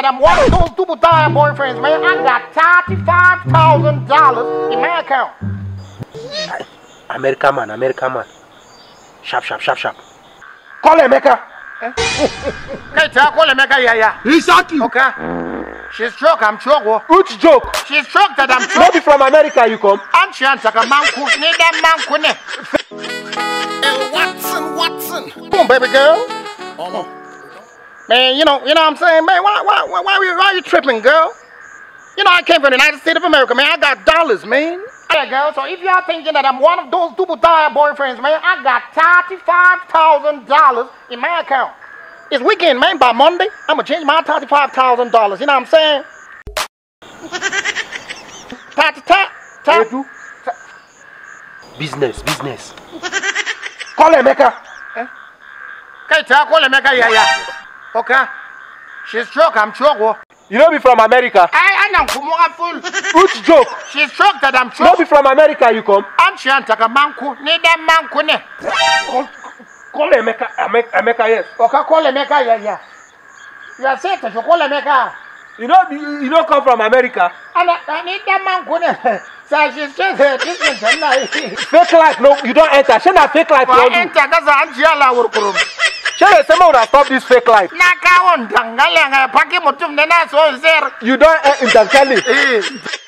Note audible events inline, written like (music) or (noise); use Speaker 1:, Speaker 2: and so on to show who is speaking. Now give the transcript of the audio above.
Speaker 1: said, I'm one of those double dime boyfriends, man. I got $35,000 in my account. America man, America man. Shop, shop, shop, shop. Call America. Eh? hey, (laughs) tell, call Emeka, yeah, yeah. Exactly. Okay. She's drunk, I'm drunk. Oh. Which joke? She's drunk that I'm drunk. Maybe from America you come. I'm drunk, like a man cook, need a man cook. Watson, Watson. Come on, baby girl. no. Man, you know, you know what I'm saying? Man, why, why, why, why, are you, why are you tripping, girl? You know, I came from the United States of America, man. I got dollars, man. Yeah, girl, so if y'all thinking that I'm one of those double-dial boyfriends, man, I got $35,000 in my account. It's weekend, man. By Monday, I'm going to change my $35,000. You know what I'm saying? Tat tat tat. Ta. Business, business. (laughs) Call Emeka. Eh? Can you tell? Call Emeka, yeah, yeah. Okay. She's shocked. I'm shocked. Oh. You know me from America. I am from Fool. Which joke? She's shocked that I'm You know me from America you come. I'm Shantaka Manku. Neither Manku ne. Call, call Emeka, Emeka, Emeka, yes. Okay, call Emeka, yeah, yeah. You are safe, so call Emeka. You know, you, you know, come from America. And I need that Manku ne. (laughs) So she's just a different life. Fake life, no, you don't enter. She not fake life. I enter, that's a Angela Wurukurum. Shere sema una stop this fake life. Na kawo ndangale ngapaki eh, mutum nena so zer. E you don't eh, intercalate.